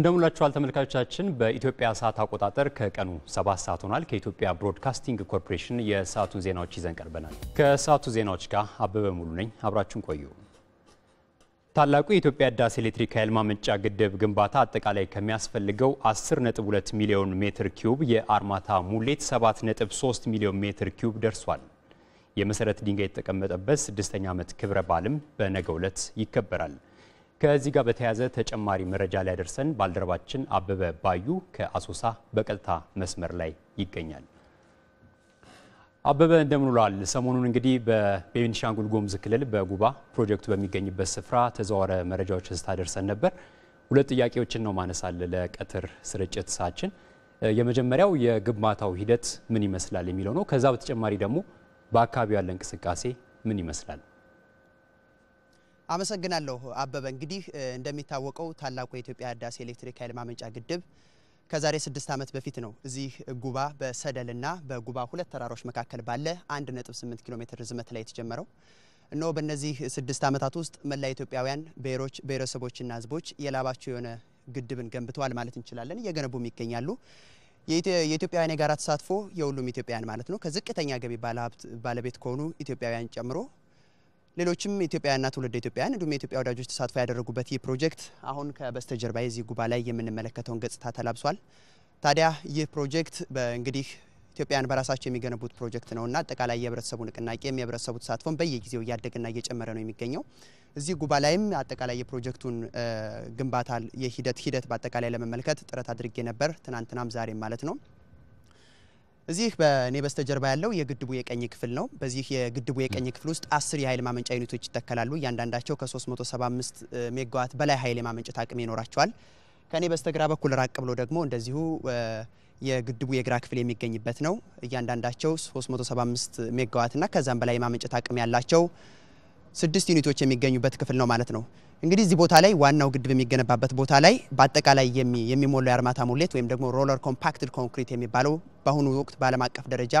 እንደምንላችኋል ተመልካቾቻችን። በኢትዮጵያ ሰዓት አቆጣጠር ከቀኑ 7 ሰዓት ሆኗል። ከኢትዮጵያ ብሮድካስቲንግ ኮርፖሬሽን የሰዓቱን ዜናዎች ይዘን ቀርበናል። ከሰዓቱ ዜናዎች ጋር አበበ ሙሉ ነኝ። አብራችሁን ቆዩ። ታላቁ የኢትዮጵያ ህዳሴ ኤሌክትሪክ ኃይል ማመንጫ ግድብ ግንባታ አጠቃላይ ከሚያስፈልገው 10.2 ሚሊዮን ሜትር ኪዩብ የአርማታ ሙሌት 7.3 ሚሊዮን ሜትር ኪዩብ ደርሷል። የመሰረት ድንጋይ የተቀመጠበት ስድስተኛ ዓመት ክብረ በዓልም በነገው ዕለት ይከበራል። ከዚህ ጋር በተያያዘ ተጨማሪ መረጃ ሊያደርሰን ባልደረባችን አበበ ባዩ ከአሶሳ በቀጥታ መስመር ላይ ይገኛል። አበበ እንደምን ውሏል? ሰሞኑን እንግዲህ በቤኒሻንጉል ጉሙዝ ክልል በጉባ ፕሮጀክቱ በሚገኝበት ስፍራ ተዘዋረ መረጃዎች ስታደርሰን ነበር። ሁለት ጥያቄዎችን ነው ማነሳል ለቀትር ስርጭት ሳችን የመጀመሪያው የግንባታው ሂደት ምን ይመስላል የሚለው ነው። ከዛ በተጨማሪ ደግሞ በአካባቢው ያለ እንቅስቃሴ ምን ይመስላል? አመሰግናለሁ አበበ። እንግዲህ እንደሚታወቀው ታላቁ የኢትዮጵያ ህዳሴ ኤሌክትሪክ ኃይል ማመንጫ ግድብ ከዛሬ ስድስት ዓመት በፊት ነው እዚህ ጉባ በሰደልና በጉባ ሁለት ተራሮች መካከል ባለ 1.8 ኪሎ ሜትር ርዝመት ላይ የተጀመረው። እነሆ በእነዚህ ስድስት ዓመታት ውስጥ መላ ኢትዮጵያውያን ብሔሮች፣ ብሔረሰቦችና ህዝቦች የላባቸው የሆነ ግድብን ገንብተዋል ማለት እንችላለን። እየገነቡም ይገኛሉ። የኢትዮጵያውያን የጋራ ተሳትፎ የሁሉም ኢትዮጵያውያን ማለት ነው ከዝቅተኛ ገቢ ባለሀብት ባለቤት ከሆኑ ኢትዮጵያውያን ጨምሮ ሌሎችም ኢትዮጵያውያንና ትውልደ ኢትዮጵያውያን እንዲሁም የኢትዮጵያ ወዳጆች ተሳትፎ ያደረጉበት ይህ ፕሮጀክት አሁን ከበስተጀርባ የዚህ ጉባ ላይ የምንመለከተውን ገጽታ ተላብሷል። ታዲያ ይህ ፕሮጀክት እንግዲህ ኢትዮጵያውያን በራሳቸው የሚገነቡት ፕሮጀክት ነውና አጠቃላይ የህብረተሰቡ ንቅናቄ የህብረተሰቡ ተሳትፎን በየጊዜው እያደገና እየጨመረ ነው የሚገኘው። እዚህ ጉባ ላይም አጠቃላይ የፕሮጀክቱን ግንባታ የሂደት ሂደት በአጠቃላይ ለመመልከት ጥረት አድርጌ ነበር፣ ትናንትናም ዛሬም ማለት ነው። እዚህ በእኔ በስተጀርባ ያለው የግድቡ የቀኝ ክፍል ነው። በዚህ የግድቡ የቀኝ ክፍል ውስጥ አስር የኃይል ማመንጫ ዩኒቶች ይተከላሉ። እያንዳንዳቸው ከ375 ሜጋዋት በላይ ኃይል የማመንጨት አቅም ይኖራቸዋል። ከእኔ በስተግራ በኩል ራቅ ብሎ ደግሞ እንደዚሁ የግድቡ የግራ ክፍል የሚገኝበት ነው። እያንዳንዳቸው 375 ሜጋዋት እና ከዛም በላይ የማመንጨት አቅም ያላቸው ስድስት ዩኒቶች የሚገኙበት ክፍል ነው ማለት ነው። እንግዲህ እዚህ ቦታ ላይ ዋናው ግድብ የሚገነባበት ቦታ ላይ በአጠቃላይ የሚሞላው የአርማታ ሙሌት ወይም ደግሞ ሮለር ኮምፓክትድ ኮንክሪት የሚባለው በአሁኑ ወቅት በዓለም አቀፍ ደረጃ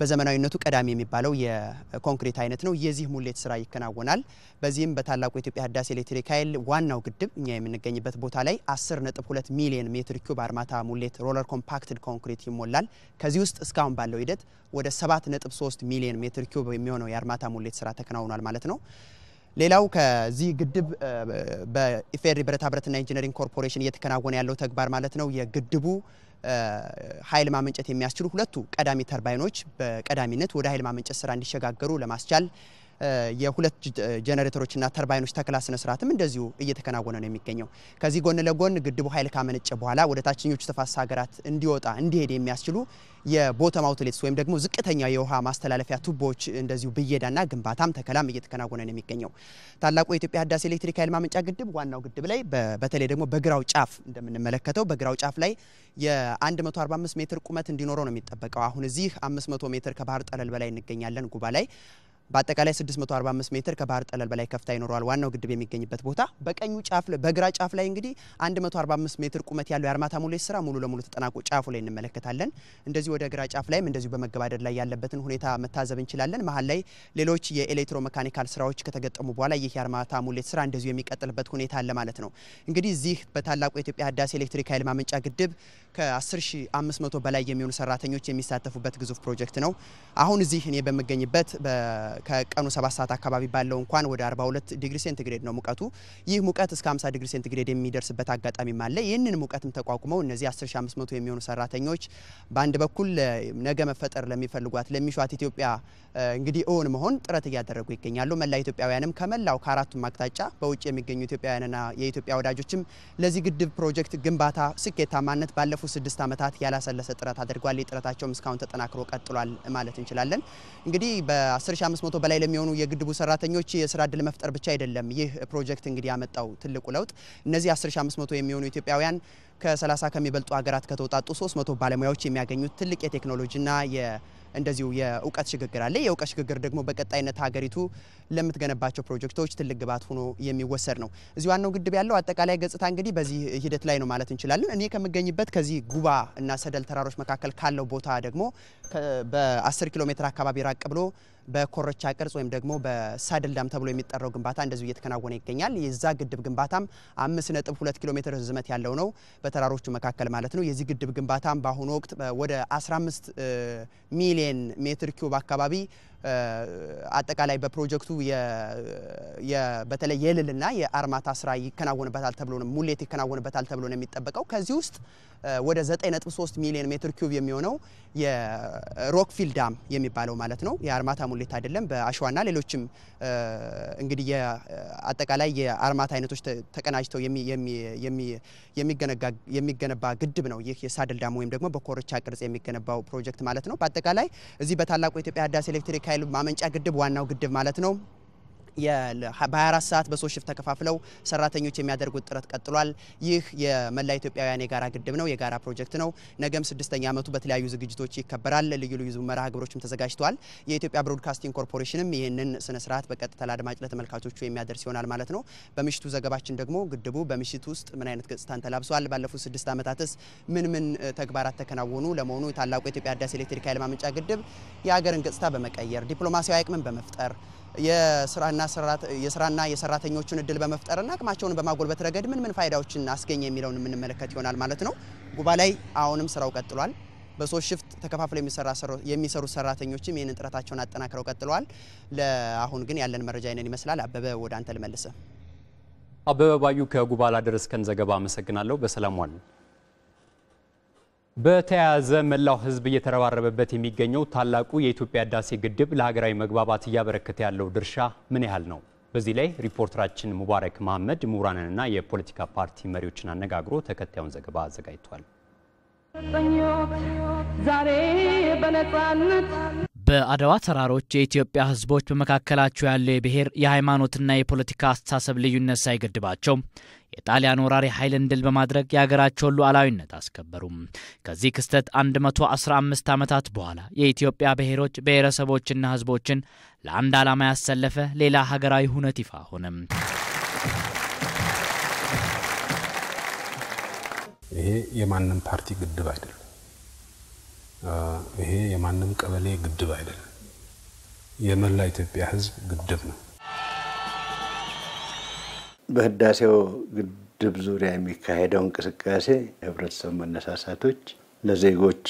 በዘመናዊነቱ ቀዳሚ የሚባለው የኮንክሪት አይነት ነው። የዚህ ሙሌት ስራ ይከናወናል። በዚህም በታላቁ የኢትዮጵያ ህዳሴ ኤሌክትሪክ ኃይል ዋናው ግድብ እኛ የምንገኝበት ቦታ ላይ 10.2 ሚሊዮን ሜትር ኪዩብ አርማታ ሙሌት ሮለር ኮምፓክትድ ኮንክሪት ይሞላል። ከዚህ ውስጥ እስካሁን ባለው ሂደት ወደ 7.3 ሚሊዮን ሜትር ኪዩብ የሚሆነው የአርማታ ሙሌት ስራ ተከናውኗል ማለት ነው። ሌላው ከዚህ ግድብ በኢፌሪ ብረታ ብረትና ኢንጂነሪንግ ኮርፖሬሽን እየተከናወነ ያለው ተግባር ማለት ነው የግድቡ ኃይል ማመንጨት የሚያስችሉ ሁለቱ ቀዳሚ ተርባይኖች በቀዳሚነት ወደ ኃይል ማመንጨት ስራ እንዲሸጋገሩ ለማስቻል የሁለት ጀነሬተሮችና ተርባይኖች ተክላ ስነ ስርዓትም እንደዚሁ እየተከናወነ ነው የሚገኘው። ከዚህ ጎን ለጎን ግድቡ ኃይል ካመነጨ በኋላ ወደ ታችኞቹ ተፋሰስ ሀገራት እንዲወጣ እንዲሄድ የሚያስችሉ የቦተም አውትሌትስ ወይም ደግሞ ዝቅተኛ የውሃ ማስተላለፊያ ቱቦዎች እንደዚሁ ብየዳና ግንባታም ተከላም እየተከናወነ ነው የሚገኘው። ታላቁ የኢትዮጵያ ህዳሴ ኤሌክትሪክ ኃይል ማመንጫ ግድብ ዋናው ግድብ ላይ በተለይ ደግሞ በግራው ጫፍ እንደምንመለከተው በግራው ጫፍ ላይ የ145 ሜትር ቁመት እንዲኖረው ነው የሚጠበቀው። አሁን እዚህ 500 ሜትር ከባህር ጠለል በላይ እንገኛለን ጉባ ላይ በአጠቃላይ 645 ሜትር ከባህር ጠለል በላይ ከፍታ ይኖረዋል። ዋናው ግድብ የሚገኝበት ቦታ በቀኙ ጫፍ በግራ ጫፍ ላይ እንግዲህ 145 ሜትር ቁመት ያለው የአርማታ ሙሌት ስራ ሙሉ ለሙሉ ተጠናቆ ጫፉ ላይ እንመለከታለን። እንደዚሁ ወደ ግራ ጫፍ ላይም እንደዚሁ በመገባደድ ላይ ያለበትን ሁኔታ መታዘብ እንችላለን። መሀል ላይ ሌሎች የኤሌክትሮ መካኒካል ስራዎች ከተገጠሙ በኋላ ይህ የአርማታ ሙሌት ስራ እንደዚሁ የሚቀጥልበት ሁኔታ አለ ማለት ነው። እንግዲህ እዚህ በታላቁ የኢትዮጵያ ህዳሴ ኤሌክትሪክ ኃይል ማመንጫ ግድብ ከ10500 በላይ የሚሆኑ ሰራተኞች የሚሳተፉበት ግዙፍ ፕሮጀክት ነው። አሁን እዚህ እኔ በምገኝበት ከቀኑ 7 ሰዓት አካባቢ ባለው እንኳን ወደ 42 ዲግሪ ሴንቲግሬድ ነው ሙቀቱ። ይህ ሙቀት እስከ 50 ዲግሪ ሴንቲግሬድ የሚደርስበት አጋጣሚም አለ። ይህንን ሙቀትም ተቋቁመው እነዚህ 10500 የሚሆኑ ሰራተኞች በአንድ በኩል ነገ መፈጠር ለሚፈልጓት ለሚሿት ኢትዮጵያ እንግዲህ እውን መሆን ጥረት እያደረጉ ይገኛሉ። መላ ኢትዮጵያውያንም ከመላው ከአራቱም አቅጣጫ በውጭ የሚገኙ ኢትዮጵያውያንና የኢትዮጵያ ወዳጆችም ለዚህ ግድብ ፕሮጀክት ግንባታ ስኬታማነት ባለፉት ስድስት ዓመታት ያላሰለሰ ጥረት አድርጓል። ጥረታቸውም እስካሁን ተጠናክሮ ቀጥሏል ማለት እንችላለን። እንግዲህ በ10500 ከ500 በላይ ለሚሆኑ የግድቡ ሰራተኞች የስራ እድል መፍጠር ብቻ አይደለም። ይህ ፕሮጀክት እንግዲህ ያመጣው ትልቁ ለውጥ እነዚህ 10500 የሚሆኑ ኢትዮጵያውያን ከ30 ከሚበልጡ ሀገራት ከተውጣጡ 300 ባለሙያዎች የሚያገኙት ትልቅ የቴክኖሎጂና እንደዚሁ የእውቀት ሽግግር አለ። የእውቀት ሽግግር ደግሞ በቀጣይነት ሀገሪቱ ለምትገነባቸው ፕሮጀክቶች ትልቅ ግብዓት ሆኖ የሚወሰድ ነው። እዚህ ዋናው ግድብ ያለው አጠቃላይ ገጽታ እንግዲህ በዚህ ሂደት ላይ ነው ማለት እንችላለን። እኔ ከምገኝበት ከዚህ ጉባ እና ሰደል ተራሮች መካከል ካለው ቦታ ደግሞ በ10 ኪሎ ሜትር አካባቢ ራቅ ብሎ በኮረቻ ቅርጽ ወይም ደግሞ በሳድል ዳም ተብሎ የሚጠራው ግንባታ እንደዚሁ እየተከናወነ ይገኛል። የዛ ግድብ ግንባታም 52 ኪሎ ሜትር ርዝመት ያለው ነው፣ በተራሮቹ መካከል ማለት ነው። የዚህ ግድብ ግንባታም በአሁኑ ወቅት ወደ 15 ሚሊየን ሜትር ኪዩብ አካባቢ አጠቃላይ በፕሮጀክቱ በተለይ የልልና የአርማታ ስራ ይከናወንበታል ተብሎ ሙሌት ይከናወንበታል ተብሎ ነው የሚጠበቀው ከዚህ ውስጥ ወደ 9.3 ሚሊዮን ሜትር ኪዩብ የሚሆነው የሮክፊል ዳም የሚባለው ማለት ነው። የአርማታ ሙሌት አይደለም። በአሸዋና ሌሎችም እንግዲህ አጠቃላይ የአርማታ አይነቶች ተቀናጅተው የሚገነባ ግድብ ነው ይህ የሳድል ዳም ወይም ደግሞ በኮርቻ ቅርጽ የሚገነባው ፕሮጀክት ማለት ነው። በአጠቃላይ እዚህ በታላቁ የኢትዮጵያ ህዳሴ ኤሌክትሪክ ኃይል ማመንጫ ግድብ ዋናው ግድብ ማለት ነው። በ24 ሰዓት በሶስት ሽፍት ተከፋፍለው ሰራተኞች የሚያደርጉት ጥረት ቀጥሏል። ይህ የመላ ኢትዮጵያውያን የጋራ ግድብ ነው፣ የጋራ ፕሮጀክት ነው። ነገም ስድስተኛ ዓመቱ በተለያዩ ዝግጅቶች ይከበራል። ልዩ ልዩ መርሃ ግብሮችም ተዘጋጅተዋል። የኢትዮጵያ ብሮድካስቲንግ ኮርፖሬሽንም ይህንን ስነ ስርዓት በቀጥታ ለአድማጭ ለተመልካቾቹ የሚያደርስ ይሆናል ማለት ነው። በምሽቱ ዘገባችን ደግሞ ግድቡ በምሽት ውስጥ ምን አይነት ገጽታን ተላብሷል፣ ባለፉት ስድስት ዓመታትስ ምን ምን ተግባራት ተከናወኑ፣ ለመሆኑ ታላቁ የኢትዮጵያ ህዳሴ ኤሌክትሪክ ኃይል ማመንጫ ግድብ የሀገርን ገጽታ በመቀየር ዲፕሎማሲያዊ አቅምን በመፍጠር የስራና የሰራተኞቹን እድል በመፍጠርና አቅማቸውን በማጎልበት ረገድ ምን ምን ፋይዳዎችን አስገኘ የሚለውን የምንመለከት ይሆናል ማለት ነው። ጉባ ላይ አሁንም ስራው ቀጥሏል። በሶስት ሽፍት ተከፋፍለው የሚሰሩ ሰራተኞችም ይህንን ጥረታቸውን አጠናክረው ቀጥለዋል። ለአሁን ግን ያለን መረጃ ይንን ይመስላል። አበበ ወደ አንተ ልመልሰ። አበበ ባዩ ከጉባ ላደረስከን ዘገባ አመሰግናለሁ። በሰላም በተያያዘ መላው ህዝብ እየተረባረበበት የሚገኘው ታላቁ የኢትዮጵያ ህዳሴ ግድብ ለሀገራዊ መግባባት እያበረከተ ያለው ድርሻ ምን ያህል ነው? በዚህ ላይ ሪፖርተራችን ሙባረክ መሐመድ ምሁራንንና የፖለቲካ ፓርቲ መሪዎችን አነጋግሮ ተከታዩን ዘገባ አዘጋጅቷል። በአድዋ ተራሮች የኢትዮጵያ ህዝቦች በመካከላቸው ያለው የብሔር የሃይማኖትና የፖለቲካ አስተሳሰብ ልዩነት ሳይገድባቸው የጣሊያን ወራሪ ኃይልን ድል በማድረግ የሀገራቸውን ሉዓላዊነት አስከበሩም። ከዚህ ክስተት 115 ዓመታት በኋላ የኢትዮጵያ ብሔሮች ብሔረሰቦችና ሕዝቦችን ለአንድ ዓላማ ያሰለፈ ሌላ ሀገራዊ ሁነት ይፋ ሆነም። ይሄ የማንም ፓርቲ ግድብ አይደለም። ይሄ የማንም ቀበሌ ግድብ አይደለም። የመላ ኢትዮጵያ ሕዝብ ግድብ ነው። በህዳሴው ግድብ ዙሪያ የሚካሄደው እንቅስቃሴ የህብረተሰብ መነሳሳቶች ለዜጎች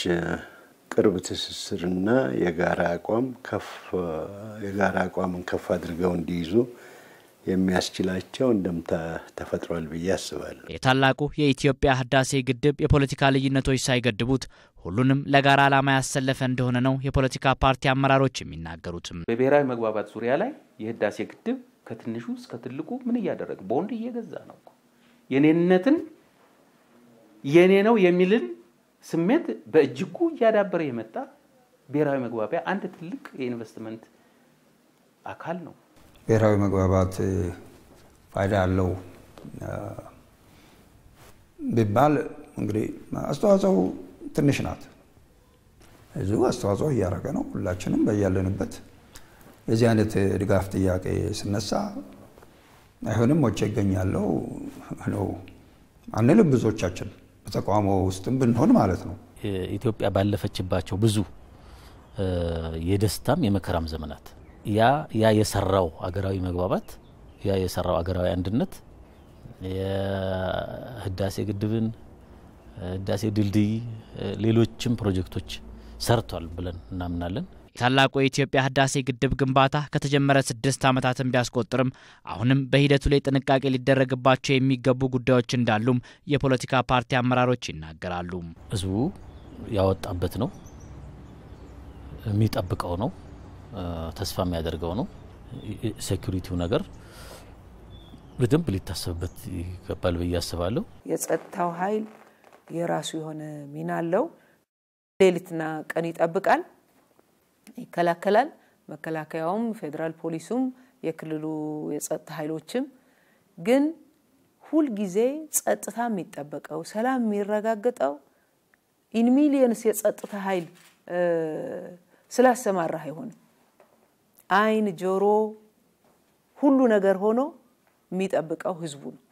ቅርብ ትስስርና የጋራ አቋም ከፍ የጋራ አቋምን ከፍ አድርገው እንዲይዙ የሚያስችላቸው እንደምታ ተፈጥሯል ብዬ አስባለሁ። የታላቁ የኢትዮጵያ ህዳሴ ግድብ የፖለቲካ ልዩነቶች ሳይገድቡት ሁሉንም ለጋራ ዓላማ ያሰለፈ እንደሆነ ነው የፖለቲካ ፓርቲ አመራሮች የሚናገሩትም። በብሔራዊ መግባባት ዙሪያ ላይ የህዳሴ ግድብ ከትንሹ እስከ ትልቁ ምን እያደረገ ቦንድ እየገዛ ነው። የኔነትን የኔ ነው የሚልን ስሜት በእጅጉ እያዳበረ የመጣ ብሔራዊ መግባቢያ አንድ ትልቅ የኢንቨስትመንት አካል ነው። ብሔራዊ መግባባት ፋይዳ አለው ቢባል እንግዲህ አስተዋጽኦ ትንሽ ናት። እዚሁ አስተዋጽኦ እያደረገ ነው። ሁላችንም በያለንበት የዚህ አይነት ድጋፍ ጥያቄ ስነሳ አይሆንም ሞቼ ይገኛለው ነው አንልም። ብዙዎቻችን በተቋሞ ውስጥም ብንሆን ማለት ነው። ኢትዮጵያ ባለፈችባቸው ብዙ የደስታም የመከራም ዘመናት ያ ያ የሰራው አገራዊ መግባባት ያ የሰራው አገራዊ አንድነት የህዳሴ ግድብን ህዳሴ ድልድይ፣ ሌሎችም ፕሮጀክቶች ሰርቷል ብለን እናምናለን። የታላቁ የኢትዮጵያ ህዳሴ ግድብ ግንባታ ከተጀመረ ስድስት ዓመታትን ቢያስቆጥርም አሁንም በሂደቱ ላይ ጥንቃቄ ሊደረግባቸው የሚገቡ ጉዳዮች እንዳሉም የፖለቲካ ፓርቲ አመራሮች ይናገራሉ። ህዝቡ ያወጣበት ነው፣ የሚጠብቀው ነው፣ ተስፋ የሚያደርገው ነው። ሴኩሪቲው ነገር በደንብ ሊታሰብበት ይገባል ብዬ አስባለሁ። የጸጥታው ኃይል የራሱ የሆነ ሚና አለው። ሌሊትና ቀን ይጠብቃል። ይከላከላል። መከላከያውም፣ ፌዴራል ፖሊሱም፣ የክልሉ የጸጥታ ኃይሎችም ግን ሁልጊዜ ጸጥታ የሚጠበቀው ሰላም የሚረጋገጠው ኢን ሚሊየንስ የጸጥታ ኃይል ስላሰማራ አይሆንም። አይን ጆሮ ሁሉ ነገር ሆኖ የሚጠብቀው ህዝቡ ነው።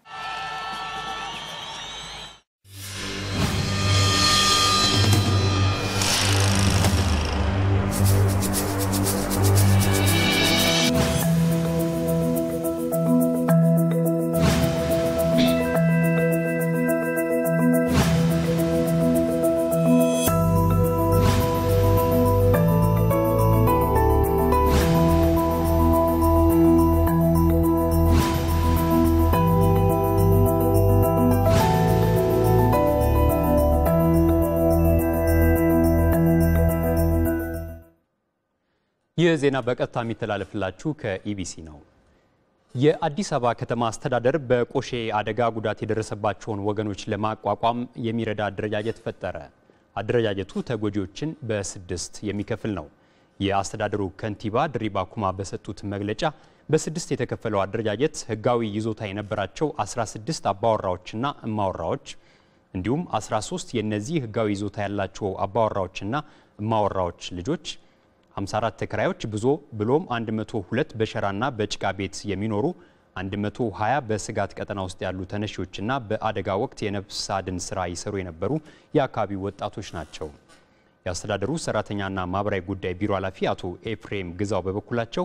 ይህ ዜና በቀጥታ የሚተላለፍላችሁ ከኢቢሲ ነው። የአዲስ አበባ ከተማ አስተዳደር በቆሼ አደጋ ጉዳት የደረሰባቸውን ወገኖች ለማቋቋም የሚረዳ አደረጃጀት ፈጠረ። አደረጃጀቱ ተጎጂዎችን በስድስት የሚከፍል ነው። የአስተዳደሩ ከንቲባ ድሪባ ኩማ በሰጡት መግለጫ በስድስት የተከፈለው አደረጃጀት ሕጋዊ ይዞታ የነበራቸው 16 አባወራዎችና እማወራዎች እንዲሁም 13 የእነዚህ ሕጋዊ ይዞታ ያላቸው አባወራዎችና እማወራዎች ልጆች 54 ተከራዮች ብዙ ብሎም 102 በሸራና በጭቃ ቤት የሚኖሩ 120 በስጋት ቀጠና ውስጥ ያሉ ተነሺዎችና በአደጋ ወቅት የነፍስ አድን ስራ ይሰሩ የነበሩ የአካባቢው ወጣቶች ናቸው። የአስተዳደሩ ሰራተኛና ማህበራዊ ጉዳይ ቢሮ ኃላፊ አቶ ኤፍሬም ግዛው በበኩላቸው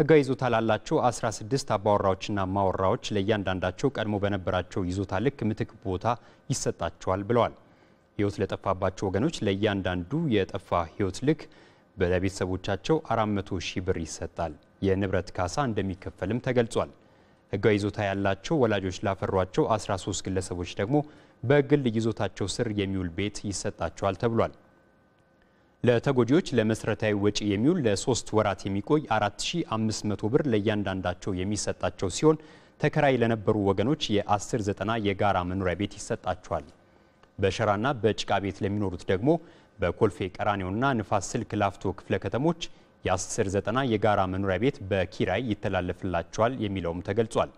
ህጋዊ ይዞታ ላላቸው 16 አባወራዎችና ማወራዎች ለእያንዳንዳቸው ቀድሞ በነበራቸው ይዞታ ልክ ምትክ ቦታ ይሰጣቸዋል ብለዋል። ህይወት ለጠፋባቸው ወገኖች ለእያንዳንዱ የጠፋ ህይወት ልክ ለቤተሰቦቻቸው 400 ሺህ ብር ይሰጣል። የንብረት ካሳ እንደሚከፈልም ተገልጿል። ህጋዊ ይዞታ ያላቸው ወላጆች ላፈሯቸው 13 ግለሰቦች ደግሞ በግል ይዞታቸው ስር የሚውል ቤት ይሰጣቸዋል ተብሏል። ለተጎጂዎች ለመሰረታዊ ወጪ የሚውል ለሶስት ወራት የሚቆይ 4500 ብር ለእያንዳንዳቸው የሚሰጣቸው ሲሆን ተከራይ ለነበሩ ወገኖች የ1090 የጋራ መኖሪያ ቤት ይሰጣቸዋል። በሸራና በጭቃ ቤት ለሚኖሩት ደግሞ በኮልፌ ቀራኒዮና ንፋስ ስልክ ላፍቶ ክፍለ ከተሞች የአስር ዘጠና የጋራ መኖሪያ ቤት በኪራይ ይተላለፍላቸዋል የሚለውም ተገልጿል።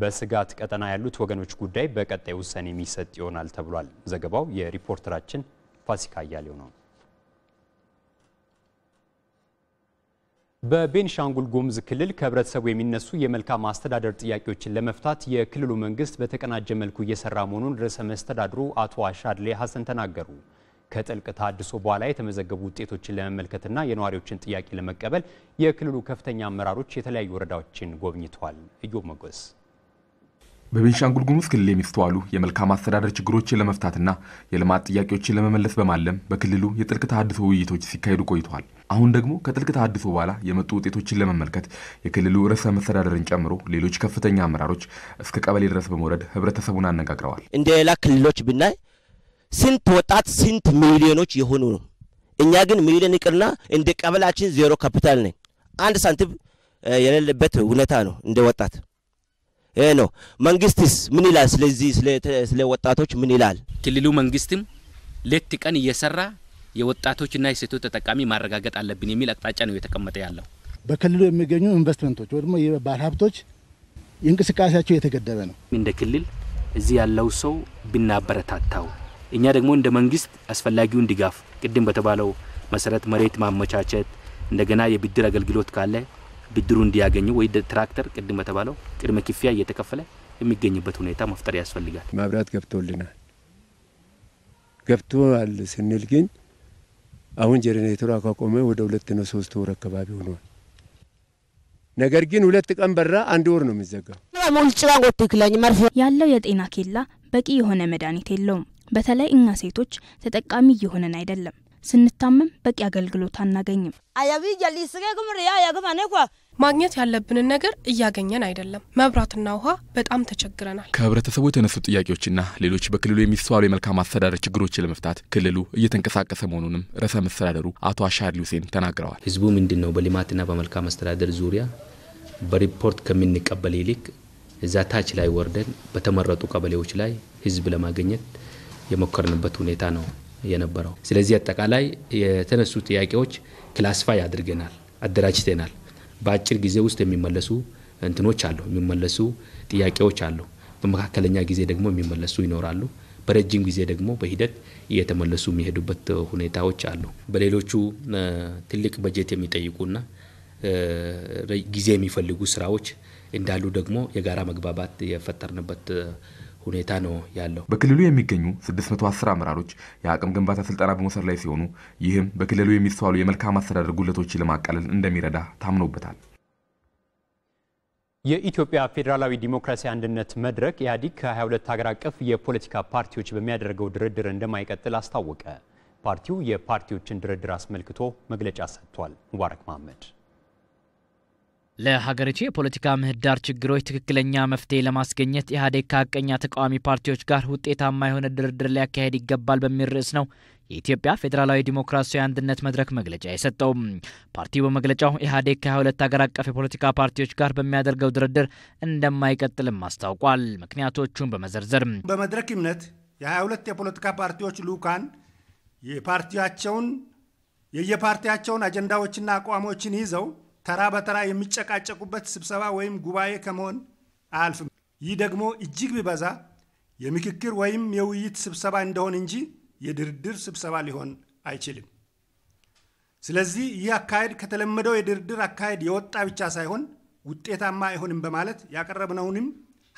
በስጋት ቀጠና ያሉት ወገኖች ጉዳይ በቀጣይ ውሳኔ የሚሰጥ ይሆናል ተብሏል። ዘገባው የሪፖርተራችን ፋሲካ እያሌው ነው። በቤንሻንጉል ጉሙዝ ክልል ከህብረተሰቡ የሚነሱ የመልካም አስተዳደር ጥያቄዎችን ለመፍታት የክልሉ መንግስት በተቀናጀ መልኩ እየሰራ መሆኑን ርዕሰ መስተዳድሩ አቶ አሻድሌ ሀሰን ተናገሩ። ከጥልቅ ተሃድሶ በኋላ የተመዘገቡ ውጤቶችን ለመመልከትና የነዋሪዎችን ጥያቄ ለመቀበል የክልሉ ከፍተኛ አመራሮች የተለያዩ ወረዳዎችን ጎብኝተዋል። እዮብ መጎስ በቤንሻንጉል ጉሙዝ ክልል የሚስተዋሉ የመልካም አስተዳደር ችግሮችን ለመፍታትና የልማት ጥያቄዎችን ለመመለስ በማለም በክልሉ የጥልቅ ተሃድሶ ውይይቶች ሲካሄዱ ቆይተዋል። አሁን ደግሞ ከጥልቅ ተሃድሶ በኋላ የመጡ ውጤቶችን ለመመልከት የክልሉ ርዕሰ መስተዳደርን ጨምሮ ሌሎች ከፍተኛ አመራሮች እስከ ቀበሌ ድረስ በመውረድ ህብረተሰቡን አነጋግረዋል። እንደ ሌላ ክልሎች ብናይ ስንት ወጣት ስንት ሚሊዮኖች የሆኑ ነው። እኛ ግን ሚሊዮን ይቅርና እንደ ቀበላችን ዜሮ ካፒታል ነን። አንድ ሳንቲም የሌለበት ሁኔታ ነው እንደ ወጣት ይህ ነው። መንግስትስ ምን ይላል? ስለዚህ ስለ ወጣቶች ምን ይላል? ክልሉ መንግስትም ሌት ቀን እየሰራ የወጣቶችና የሴቶች ተጠቃሚ ማረጋገጥ አለብን የሚል አቅጣጫ ነው የተቀመጠ ያለው። በክልሉ የሚገኙ ኢንቨስትመንቶች ወይ ደግሞ የባለ ሀብቶች እንቅስቃሴያቸው የተገደበ ነው። እንደ ክልል እዚህ ያለው ሰው ብናበረታታው፣ እኛ ደግሞ እንደ መንግስት አስፈላጊውን ድጋፍ ቅድም በተባለው መሰረት መሬት ማመቻቸት እንደገና የብድር አገልግሎት ካለ ብድሩ እንዲያገኙ ወይ ትራክተር ቅድም በተባለው ቅድመ ክፍያ እየተከፈለ የሚገኝበት ሁኔታ መፍጠር ያስፈልጋል። መብራት ገብቶልናል አለ ስንል ግን አሁን ጀኔሬተሯ ካቆመ ወደ ሁለት ነው ሶስት ወር አካባቢ ሆኗል። ነገር ግን ሁለት ቀን በራ አንድ ወር ነው የሚዘጋው። ያለው የጤና ኬላ በቂ የሆነ መድኃኒት የለውም። በተለይ እኛ ሴቶች ተጠቃሚ እየሆነን አይደለም። ስንታመም በቂ አገልግሎት አናገኝም። አያቢ ማግኘት ያለብንን ነገር እያገኘን አይደለም። መብራትና ውሃ በጣም ተቸግረናል። ከህብረተሰቡ የተነሱ ጥያቄዎችና ሌሎች በክልሉ የሚስተዋሉ የመልካም አስተዳደር ችግሮች ለመፍታት ክልሉ እየተንቀሳቀሰ መሆኑንም ርዕሰ መስተዳደሩ አቶ አሻድሊ ሁሴን ተናግረዋል። ህዝቡ ምንድን ነው በልማትና በመልካም አስተዳደር ዙሪያ በሪፖርት ከምንቀበል ይልቅ እዛ ታች ላይ ወርደን በተመረጡ ቀበሌዎች ላይ ህዝብ ለማግኘት የሞከርንበት ሁኔታ ነው የነበረው። ስለዚህ አጠቃላይ የተነሱ ጥያቄዎች ክላስፋይ አድርገናል፣ አደራጅተናል። በአጭር ጊዜ ውስጥ የሚመለሱ እንትኖች አሉ፣ የሚመለሱ ጥያቄዎች አሉ። በመካከለኛ ጊዜ ደግሞ የሚመለሱ ይኖራሉ። በረጅም ጊዜ ደግሞ በሂደት እየተመለሱ የሚሄዱበት ሁኔታዎች አሉ። በሌሎቹ ትልቅ በጀት የሚጠይቁና ጊዜ የሚፈልጉ ስራዎች እንዳሉ ደግሞ የጋራ መግባባት የፈጠርንበት ሁኔታ ነው ያለው። በክልሉ የሚገኙ 610 አመራሮች የአቅም ግንባታ ስልጠና በመውሰድ ላይ ሲሆኑ ይህም በክልሉ የሚስተዋሉ የመልካም አስተዳደር ጉለቶችን ለማቃለል እንደሚረዳ ታምኖበታል። የኢትዮጵያ ፌዴራላዊ ዲሞክራሲያዊ አንድነት መድረክ ኢህአዴግ ከ22 ሀገር አቀፍ የፖለቲካ ፓርቲዎች በሚያደርገው ድርድር እንደማይቀጥል አስታወቀ። ፓርቲው የፓርቲዎችን ድርድር አስመልክቶ መግለጫ ሰጥቷል። ሙባረክ መሐመድ ለሀገሪቱ የፖለቲካ ምህዳር ችግሮች ትክክለኛ መፍትሄ ለማስገኘት ኢህአዴግ ከሀቀኛ ተቃዋሚ ፓርቲዎች ጋር ውጤታማ የሆነ ድርድር ሊያካሄድ ይገባል በሚል ርዕስ ነው የኢትዮጵያ ፌዴራላዊ ዲሞክራሲያዊ አንድነት መድረክ መግለጫ የሰጠው ፓርቲው በመግለጫው ኢህአዴግ ከ22 ሀገር አቀፍ የፖለቲካ ፓርቲዎች ጋር በሚያደርገው ድርድር እንደማይቀጥልም አስታውቋል። ምክንያቶቹን በመዘርዘር በመድረክ እምነት የ22 የፖለቲካ ፓርቲዎች ልኡካን የፓርቲያቸውን የየፓርቲያቸውን አጀንዳዎችና አቋሞችን ይዘው ተራ በተራ የሚጨቃጨቁበት ስብሰባ ወይም ጉባኤ ከመሆን አያልፍም። ይህ ደግሞ እጅግ ቢበዛ የምክክር ወይም የውይይት ስብሰባ እንደሆን እንጂ የድርድር ስብሰባ ሊሆን አይችልም። ስለዚህ ይህ አካሄድ ከተለመደው የድርድር አካሄድ የወጣ ብቻ ሳይሆን ውጤታማ አይሆንም በማለት ያቀረብነውንም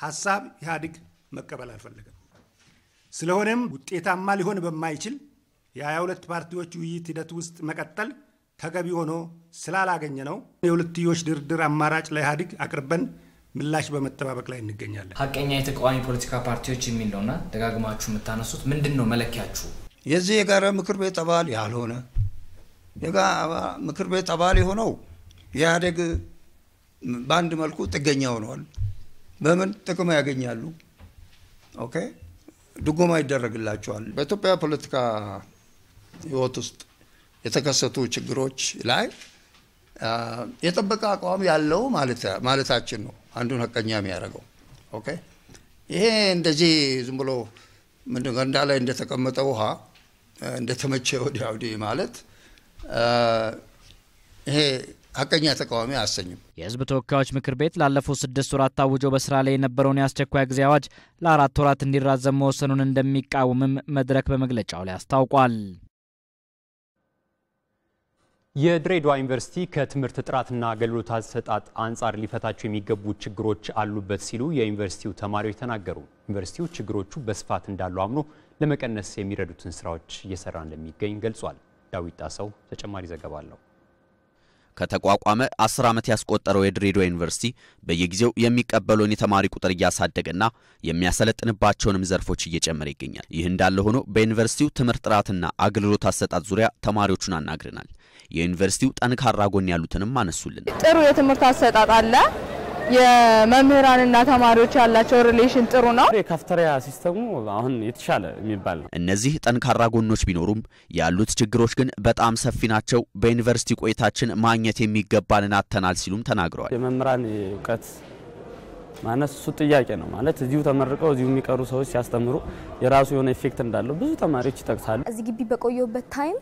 ሀሳብ ኢህአዴግ መቀበል አልፈለገም። ስለሆነም ውጤታማ ሊሆን በማይችል 2 ሁለት ፓርቲዎች ውይይት ሂደት ውስጥ መቀጠል ተገቢ ሆኖ ስላላገኘ ነው የሁለትዮሽ ድርድር አማራጭ ለኢህአዴግ አቅርበን ምላሽ በመጠባበቅ ላይ እንገኛለን። ሀቀኛ የተቃዋሚ ፖለቲካ ፓርቲዎች የሚል ነውና ደጋግማችሁ የምታነሱት ምንድን ነው መለኪያችሁ? የዚህ የጋራ ምክር ቤት አባል ያልሆነ የጋራ ምክር ቤት አባል የሆነው የኢህአዴግ በአንድ መልኩ ጥገኛ ሆነዋል። በምን ጥቅም ያገኛሉ? ኦኬ ድጎማ ይደረግላቸዋል። በኢትዮጵያ ፖለቲካ ህይወት ውስጥ የተከሰቱ ችግሮች ላይ የጠበቀ አቋም ያለው ማለታችን ነው። አንዱን ሀቀኛ የሚያደርገው ኦኬ። ይሄ እንደዚህ ዝም ብሎ ገንዳ ላይ እንደተቀመጠ ውሃ እንደተመቸ ወዲያ ወዲህ ማለት ይሄ ሀቀኛ ተቃዋሚ አያሰኝም። የህዝብ ተወካዮች ምክር ቤት ላለፉት ስድስት ወራት ታውጆ በስራ ላይ የነበረውን የአስቸኳይ ጊዜ አዋጅ ለአራት ወራት እንዲራዘም መወሰኑን እንደሚቃወምም መድረክ በመግለጫው ላይ አስታውቋል። የድሬዳዋ ዩኒቨርሲቲ ከትምህርት ጥራትና አገልግሎት አሰጣጥ አንጻር ሊፈታቸው የሚገቡ ችግሮች አሉበት ሲሉ የዩኒቨርሲቲው ተማሪዎች ተናገሩ። ዩኒቨርሲቲው ችግሮቹ በስፋት እንዳሉ አምኖ ለመቀነስ የሚረዱትን ስራዎች እየሰራ እንደሚገኝ ገልጿል። ዳዊት ጣሰው ተጨማሪ ዘገባ አለው። ከተቋቋመ 10 ዓመት ያስቆጠረው የድሬዳዋ ዩኒቨርሲቲ በየጊዜው የሚቀበለውን የተማሪ ቁጥር እያሳደገና የሚያሰለጥንባቸውንም ዘርፎች እየጨመረ ይገኛል። ይህ እንዳለ ሆኖ በዩኒቨርሲቲው ትምህርት ጥራትና አገልግሎት አሰጣጥ ዙሪያ ተማሪዎቹን አናግረናል። የዩኒቨርሲቲው ጠንካራ ጎን ያሉትንም አነሱልን። ጥሩ የትምህርት አሰጣጥ አለ። የመምህራንና ተማሪዎች ያላቸው ሪሌሽን ጥሩ ነው። የካፍተሪያ ሲስተሙ አሁን የተሻለ የሚባል ነው። እነዚህ ጠንካራ ጎኖች ቢኖሩም ያሉት ችግሮች ግን በጣም ሰፊ ናቸው። በዩኒቨርሲቲ ቆይታችን ማግኘት የሚገባንን አተናል ሲሉም ተናግረዋል። የመምህራን እውቀት ማነስ እሱ ጥያቄ ነው። ማለት እዚሁ ተመርቀው እዚሁ የሚቀሩ ሰዎች ሲያስተምሩ የራሱ የሆነ ኢፌክት እንዳለው ብዙ ተማሪዎች ይጠቅሳሉ። እዚህ ግቢ በቆየሁበት ታይም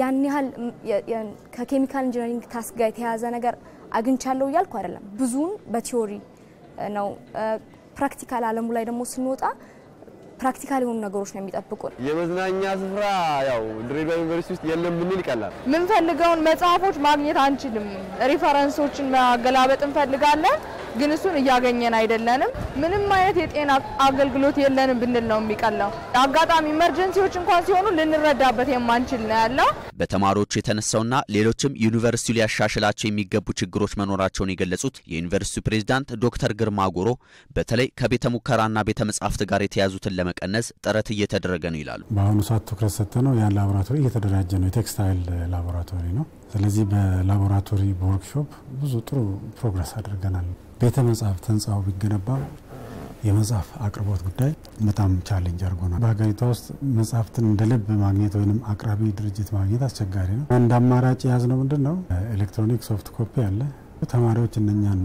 ያን ያህል ከኬሚካል ኢንጂነሪንግ ታስክ ጋር የተያያዘ ነገር አግኝቻለሁ እያልኩ አይደለም። ብዙውን በቲዮሪ ነው። ፕራክቲካል አለሙ ላይ ደግሞ ስንወጣ ፕራክቲካል የሆኑ ነገሮች ነው የሚጠብቁን። የመዝናኛ ስፍራ ያው ድሬዳዋ ዩኒቨርሲቲ ውስጥ የለም ብንል ይቀላል። የምንፈልገውን መጽሐፎች ማግኘት አንችልም። ሪፈረንሶችን ማገላበጥ እንፈልጋለን። ግን እሱን እያገኘን አይደለንም። ምንም አይነት የጤና አገልግሎት የለንም ብንል ነው የሚቀለው። አጋጣሚ ኢመርጀንሲዎች እንኳን ሲሆኑ ልንረዳበት የማንችል ነው ያለው። በተማሪዎቹ የተነሳውና ሌሎችም ዩኒቨርሲቲው ሊያሻሽላቸው የሚገቡ ችግሮች መኖራቸውን የገለጹት የዩኒቨርሲቲው ፕሬዚዳንት ዶክተር ግርማ ጎሮ በተለይ ከቤተ ሙከራና ቤተ መጻሕፍት ጋር የተያዙትን ለመቀነስ ጥረት እየተደረገ ነው ይላሉ። በአሁኑ ሰዓት ትኩረት ሰጠ ነው ያን ላቦራቶሪ እየተደራጀ ነው። የቴክስታይል ላቦራቶሪ ነው። ስለዚህ በላቦራቶሪ በወርክሾፕ ብዙ ጥሩ ፕሮግረስ አድርገናል። ቤተ መጽሐፍት ህንፃው ቢገነባም የመጽሐፍ አቅርቦት ጉዳይ በጣም ቻሌንጅ አድርጎናል። በሀገሪቷ ውስጥ መጽሐፍትን እንደ ልብ ማግኘት ወይም አቅራቢ ድርጅት ማግኘት አስቸጋሪ ነው። አንድ አማራጭ የያዝነው ምንድን ነው? ኤሌክትሮኒክ ሶፍት ኮፒ አለ። ተማሪዎች እነኛን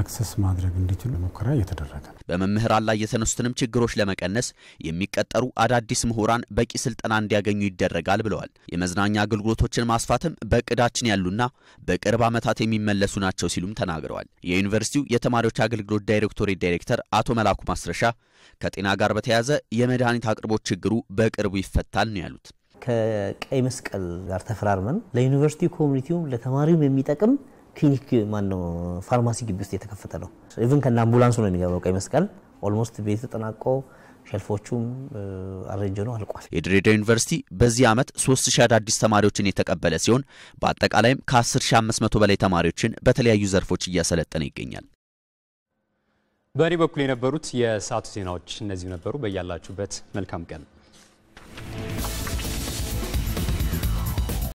አክሰስ ማድረግ እንዲችሉ ሙከራ እየተደረገ ነው። በመምህራን ላይ የተነሱትንም ችግሮች ለመቀነስ የሚቀጠሩ አዳዲስ ምሁራን በቂ ስልጠና እንዲያገኙ ይደረጋል ብለዋል። የመዝናኛ አገልግሎቶችን ማስፋትም በእቅዳችን ያሉና በቅርብ ዓመታት የሚመለሱ ናቸው ሲሉም ተናግረዋል። የዩኒቨርሲቲው የተማሪዎች አገልግሎት ዳይሬክቶሬት ዳይሬክተር አቶ መላኩ ማስረሻ ከጤና ጋር በተያያዘ የመድኃኒት አቅርቦት ችግሩ በቅርቡ ይፈታል ነው ያሉት። ከቀይ መስቀል ጋር ተፈራርመን ለዩኒቨርሲቲ ኮሚኒቲውም ለተማሪውም የሚጠቅም ክሊኒክ ማን ነው ፋርማሲ ግቢ ውስጥ የተከፈተ ነው። ኢቭን ከነ አምቡላንሱ ነው የሚገባው ቀይ መስቀል ኦልሞስት ቤት ተጠናቆ ሸልፎቹም አረጀ ነው አልቋል። የድሬዳዋ ዩኒቨርሲቲ በዚህ ዓመት 3000 አዳዲስ ተማሪዎችን የተቀበለ ሲሆን በአጠቃላይም ከ10500 በላይ ተማሪዎችን በተለያዩ ዘርፎች እያሰለጠነ ይገኛል። በእኔ በኩል የነበሩት የሰዓቱ ዜናዎች እነዚህ ነበሩ። በያላችሁበት መልካም ቀን